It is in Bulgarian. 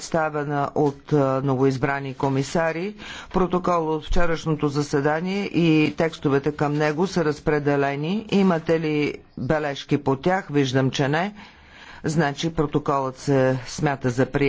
представена от новоизбрани комисари. Протокол от вчерашното заседание и текстовете към него са разпределени. Имате ли бележки по тях? Виждам, че не. Значи протоколът се смята за приятен.